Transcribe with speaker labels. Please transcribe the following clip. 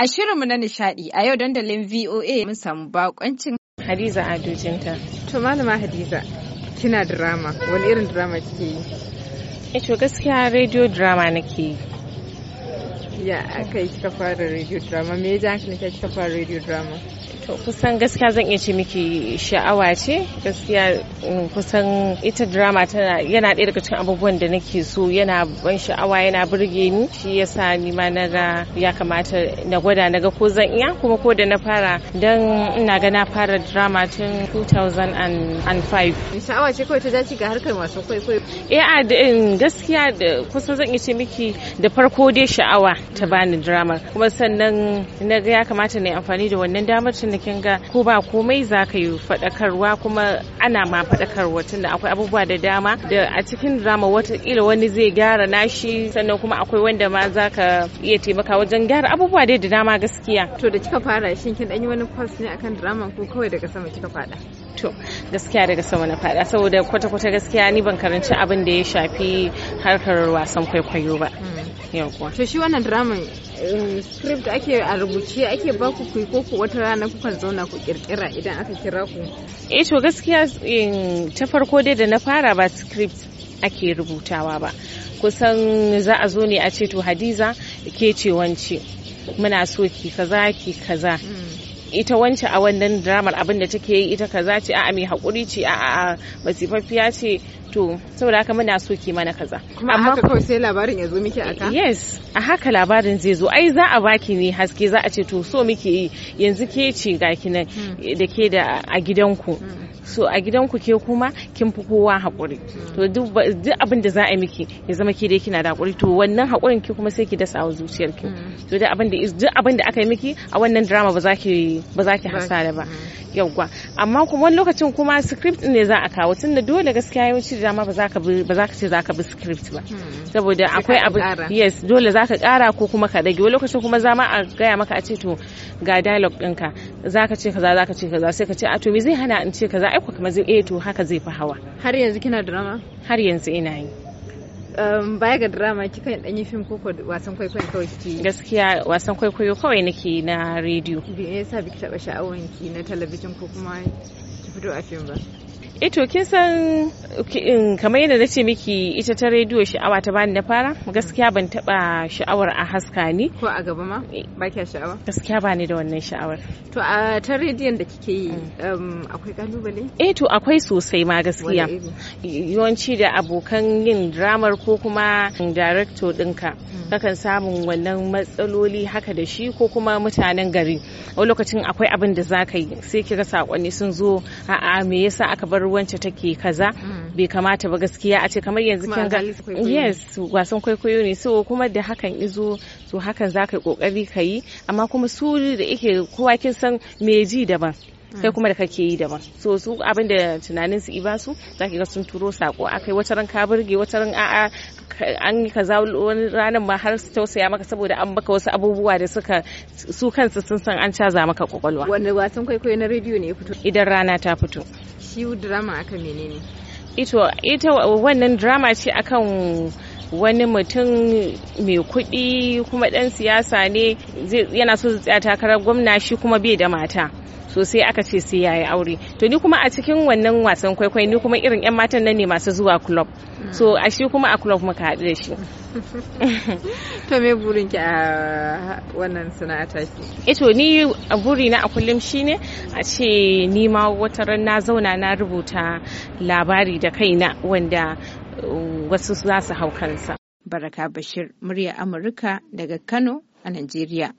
Speaker 1: A shirinmu na nishadi a yau dandalin VOA mun samu bakoncin Hadiza Adojinta. To malama Hadiza, kina drama, wani irin drama kike yi? Eh to gaskiya radio drama nake yi. ya aka yi kika fara radio drama me ya hankali ka kika fara radio drama to kusan gaskiya zan iya ce miki sha'awa
Speaker 2: ce gaskiya mm, kusan ita drama tana yana ɗaya daga cikin abubuwan da nake so yana ban sha'awa yana burge ni shi yasa ni ma na ga ya kamata na gwada na ga ko zan iya kuma ko da na fara dan ina ga na fara drama tun 2005
Speaker 1: sha'awa ce kawai ta dace ga harkar wasan kwaikwayo
Speaker 2: eh a mm, gaskiya kusan zan iya ce miki da farko dai sha'awa ta bani drama kuma sannan na ga ya kamata na yi amfani da wannan damar tun da ga ko ba komai za ka yi faɗakarwa kuma ana ma faɗakarwa tun da akwai abubuwa da dama da a cikin drama watakila wani zai gyara nashi sannan kuma akwai wanda ma za ka iya taimaka wajen gyara abubuwa dai da
Speaker 1: dama gaskiya. To da kika fara shin kin ɗan yi wani kwas ne akan drama ko kawai daga sama kika faɗa?
Speaker 2: to gaskiya daga sama na fada saboda kwata-kwata gaskiya ni ban karanci abin da ya shafi harkar wasan kwaikwayo ba. Hmm. yawwa
Speaker 1: to shi wannan draman um, script ake a rubuce ake ba ku kuyi ko wata rana kukan zauna ku kirkira idan aka kira ku
Speaker 2: eh to gaskiya ta farko dai da na fara ba script ake rubutawa ba kusan za a zo ne a ce to hadiza ke ce wance muna so ki kaza ki kaza mm. ita wance a wannan dramar abin da take yi ita kaza ce a'a mai hakuri ce a'a masifafiya ce to saboda haka muna so ki mana kaza kuma amma haka kawai sai labarin ya zo miki aka yes a haka labarin zai zo ai za a baki ne haske za a ce to so miki yanzu ke ce ga hmm. da ke da a gidanku hmm. so a gidan ku ke kuma kin fi kowa hakuri to duk abin da za a miki ya zama ke dai kina da hakuri to wannan hakurin ki kuma sai ki dasa a zuciyar ki mm. to duk abin da duk abin da aka yi miki a wannan drama ba za ki ba za ki hasara ba mm. yawwa amma kuma wani lokacin kuma script ne za a kawo tunda dole gaskiya yawanci dama ba za ka ba za ka ce za ka bi script ba mm. saboda akwai abu yes dole za ka kara ko kuma ka dage wani lokacin kuma za ma a gaya maka a ce to ga dialogue ɗinka Za ka ce kaza za ka ce kaza sai ka ce a to me zai hana in ce kaza ai ko kamar zai eh to haka zai fi hawa
Speaker 1: har yanzu kina drama
Speaker 2: har yanzu ina yi
Speaker 1: um, baya ga drama kika dan yi film koko wasan kwaikwayo kawai kike
Speaker 2: gaskiya wasan kwaikwayo kawai nake na rediyo
Speaker 1: bi yasa biki taba sha'awan ki na talabijin ko kuma ki fito a film ba
Speaker 2: Ito eh kin san kamar yadda na ce miki ita ta rediyo sha'awa ta bani na fara gaskiya ban taba sha'awar a haska ni. Ko a gaba ma eh. ba kya sha'awa? Gaskiya ba ni da wannan sha'awar.
Speaker 1: To a ta rediyon da kike yi mm. um, akwai kalubale?
Speaker 2: Eh to akwai sosai ma gaskiya. Yawanci da abokan yin dramar ko kuma director ɗinka. Kakan mm. samun wannan matsaloli haka da shi ko kuma mutanen gari. Wani lokacin akwai abin da za ka yi sai kira sakonni sun zo a'a me yasa aka bar bar wance take kaza mm. bai kamata ba gaskiya a ce kamar yanzu kin ga yes wasan kwaikwayo ne so kuma da hakan izo so hakan za ka yi kokari ka yi amma kuma su da yake kowa kin san me ji daban mm. kai kuma da kake yi daban so su abin da tunanin su iba su ka ga sun turo sako akai wata ran ka burge wata ran a'a an yi kaza wani ranar ma har su tausaya maka saboda an baka wasu abubuwa da suka su kansu sun san an caza maka kwakwalwa
Speaker 1: wanda wasan kwaikwayo na rediyo ne ya
Speaker 2: fito idan rana ta fito
Speaker 1: shi drama akan menene
Speaker 2: ito ita wannan drama ce akan wani mutum mai kuɗi kuma ɗan siyasa ne yana so su tsaya takarar gwamna shi kuma bai da mata so aka ce sai yayi aure to ni kuma a cikin wannan wasan kwaikwai ni kuma irin yan matan nan ne masu zuwa club
Speaker 1: mm. so a
Speaker 2: shi kuma a club muka haɗu da shi
Speaker 1: to me burin a wannan sana'a
Speaker 2: take? Eto ni a na a kullum shine a ce ni ma wata ran na zauna na rubuta labari da kaina wanda uh, wasu za su hau kansa. Baraka Bashir, murya Amurka daga Kano a Najeriya.